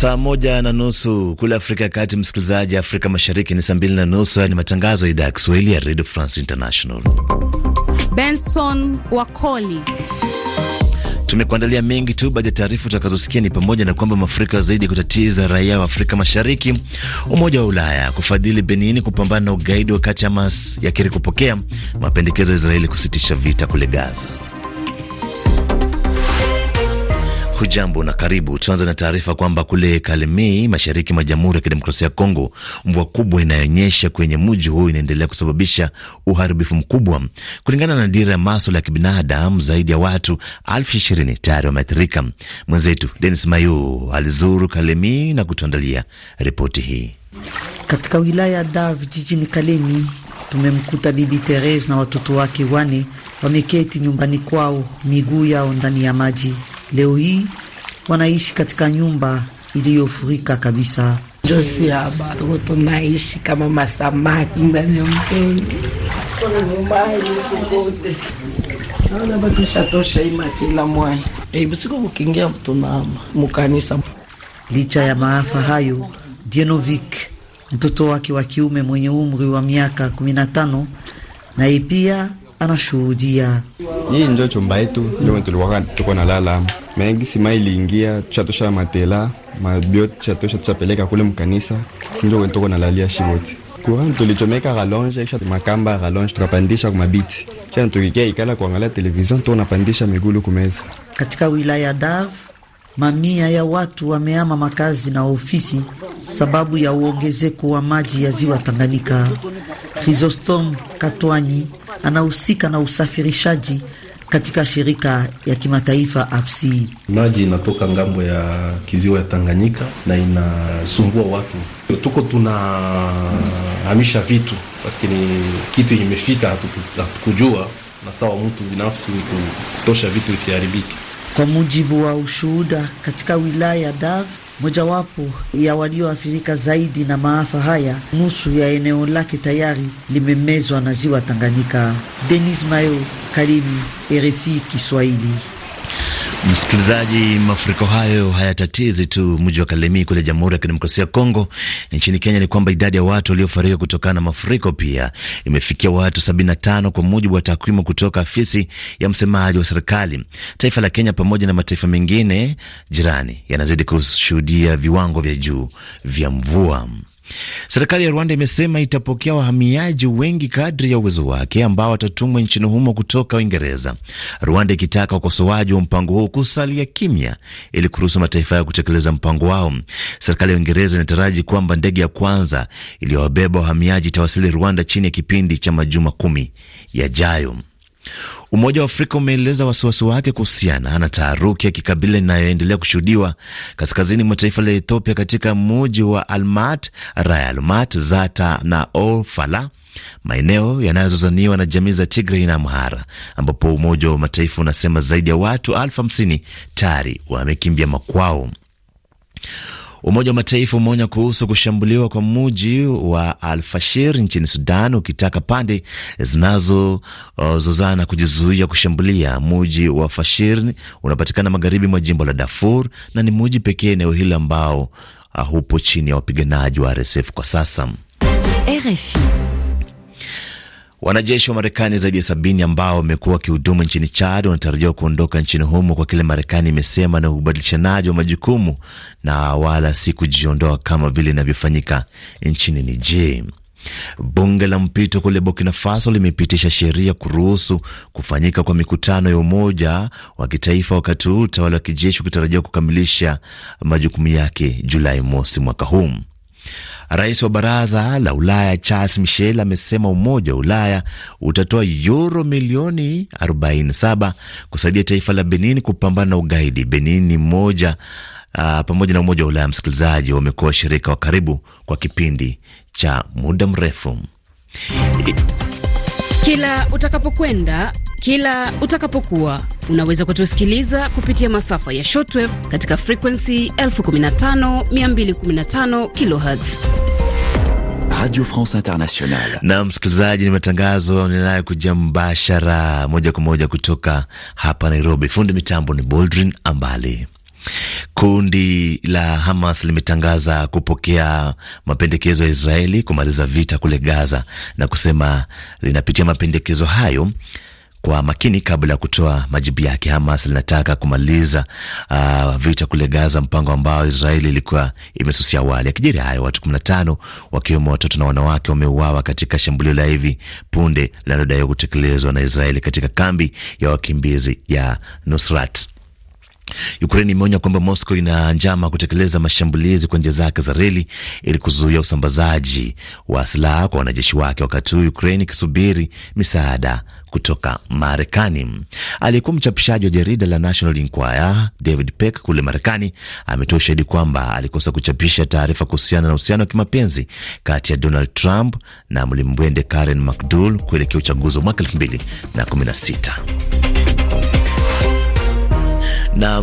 Saa moja na nusu kule Afrika ya Kati, msikilizaji. Afrika Mashariki ni saa mbili na nusu. Haya ni matangazo ya idhaa ya Kiswahili ya Radio France International. Benson Wakoli tumekuandalia mengi tu. Baadhi ya taarifa utakazosikia ni pamoja na kwamba mafuriko zaidi kutatiza raia wa Afrika Mashariki, Umoja wa Ulaya kufadhili Benin kupambana na ugaidi, wakati Hamas yakiri kupokea mapendekezo ya Israeli kusitisha vita kule Gaza. Hujambo na karibu. Tunaanza na taarifa kwamba kule Kalemie, mashariki mwa Jamhuri ya Kidemokrasia ya Kongo, mvua kubwa inayonyesha kwenye mji huu inaendelea kusababisha uharibifu mkubwa. Kulingana na dira ya maswala ya kibinadamu, zaidi ya watu elfu ishirini tayari wameathirika. Mwenzetu Denis Mayu alizuru Kalemie na kutuandalia ripoti hii. Katika wilaya ya Dav jijini Kalemi, tumemkuta Bibi Therese na watoto wake wane wameketi nyumbani kwao, miguu yao ndani ya maji leo hii wanaishi katika nyumba iliyofurika kabisa. Josi hapa tuko tunaishi kama masamaki ndani ya mtoni, batushatosha imakila mwai ebusiku eh, kukingia mtunama mukanisa. Licha ya maafa hayo, Dienovik mtoto wake wa kiume mwenye umri wa miaka 15 naye pia anashuhudia hii njo chumba yetu ndio mm. tulikuwa tuko na lala mengi sima iliingia chatosha matela mabio chatosha tushapeleka kule mkanisa ndio njo tuko na nalalia shiboti kuran tulichomeka galonje kisha makamba galonje tukapandisha kwa mabiti kisha tukikia ikala kuangalia tu unapandisha migulu kumeza. Katika wilaya ya Dav mamia ya watu wameama makazi na ofisi sababu ya uongezeko wa maji ya ziwa Tanganyika. Chrysostom Katwanyi anahusika na usafirishaji katika shirika ya kimataifa AFSI. Maji inatoka ngambo ya kiziwa ya Tanganyika na inasumbua watu, tuko tunahamisha vitu paski ni kitu imefika, hatukujua na sawa mtu binafsi ni kutosha vitu isiharibike. Kwa mujibu wa ushuhuda katika wilaya ya Dav mojawapo ya walioathirika zaidi na maafa haya. Nusu ya eneo lake tayari limemezwa na ziwa Tanganyika. Denis Mayo, kalimi RFI Kiswahili. Msikilizaji, mafuriko hayo hayatatizi tu mji wa Kalemie kule Jamhuri ya Kidemokrasia ya Kongo nchini Kenya. Ni kwamba idadi ya watu waliofariki kutokana na mafuriko pia imefikia watu 75 kwa mujibu wa takwimu kutoka afisi ya msemaji wa serikali. Taifa la Kenya pamoja na mataifa mengine jirani yanazidi kushuhudia viwango vya juu vya mvua. Serikali ya Rwanda imesema itapokea wahamiaji wengi kadri ya uwezo wake ambao watatumwa nchini humo kutoka Uingereza, Rwanda ikitaka ukosoaji wa mpango huo kusalia kimya ili kuruhusu mataifa hayo kutekeleza mpango wao. Serikali ya Uingereza inataraji kwamba ndege ya kwanza iliyowabeba wahamiaji itawasili Rwanda chini ya kipindi cha majuma kumi yajayo. Umoja wa Afrika umeeleza wasiwasi wake kuhusiana na taharuki ya kikabila inayoendelea kushuhudiwa kaskazini mwa taifa la Ethiopia katika muji wa Almat, Raya Almat, Zata na Ofala, maeneo yanayozozaniwa na jamii za Tigray na Amhara, ambapo Umoja wa Mataifa unasema zaidi ya watu elfu hamsini tayari wamekimbia makwao. Umoja wa Mataifa umeonya kuhusu kushambuliwa kwa muji wa Al-Fashir nchini Sudan, ukitaka pande zinazozozana kujizuia kushambulia muji wa Fashir. Unapatikana magharibi mwa jimbo la Darfur na ni muji pekee eneo hilo ambao ah, hupo chini ya wapiganaji wa RSF kwa sasa. RFI. Wanajeshi wa Marekani zaidi ya sabini ambao wamekuwa wakihudumu nchini Chad wanatarajiwa kuondoka nchini humo kwa kile Marekani imesema na ubadilishanaji wa majukumu na wala si kujiondoa kama vile inavyofanyika nchini Niger. Bunge la mpito kule Burkina Faso limepitisha sheria kuruhusu kufanyika kwa mikutano ya Umoja wa Kitaifa, wakati huu utawala wa kijeshi ukitarajiwa kukamilisha majukumu yake Julai mosi mwaka huu. Rais wa Baraza la Ulaya Charles Michel amesema Umoja wa Ulaya utatoa yuro milioni 47 kusaidia taifa la Benin kupambana na ugaidi. Benin ni moja Uh, pamoja na Umoja wa Ulaya, msikilizaji, wamekuwa washirika wa karibu kwa kipindi cha muda mrefu. Kila utakapokwenda, kila utakapokuwa Unaweza kutusikiliza kupitia masafa ya shortwave katika frekuensi 15215 kilohertz. Radio France Internationale. Na msikilizaji, ni matangazo ninayo kuja mbashara moja kwa moja kutoka hapa Nairobi. Fundi mitambo ni Boldrin Ambali. Kundi la Hamas limetangaza kupokea mapendekezo ya Israeli kumaliza vita kule Gaza na kusema linapitia mapendekezo hayo kwa makini kabla ya kutoa majibu yake. Hamas linataka kumaliza uh, vita kule Gaza, mpango ambao Israeli ilikuwa imesusia awali. Akijiri hayo, watu 15 wakiwemo watoto na wanawake wameuawa katika shambulio la hivi punde linalodaiwa kutekelezwa na Israeli katika kambi ya wakimbizi ya Nusrat. Ukraine imeonya kwamba Moscow ina njama kutekeleza mashambulizi kwa njia zake za reli ili kuzuia usambazaji wa silaha kwa wanajeshi wake, wakati huu Ukraine ikisubiri misaada kutoka Marekani. Aliyekuwa mchapishaji wa jarida la National Inquirer David Peck kule Marekani ametoa ushahidi kwamba alikosa kuchapisha taarifa kuhusiana na uhusiano wa kimapenzi kati ya Donald Trump na mlimbwende Karen McDougal kuelekea uchaguzi wa mwaka 2016 na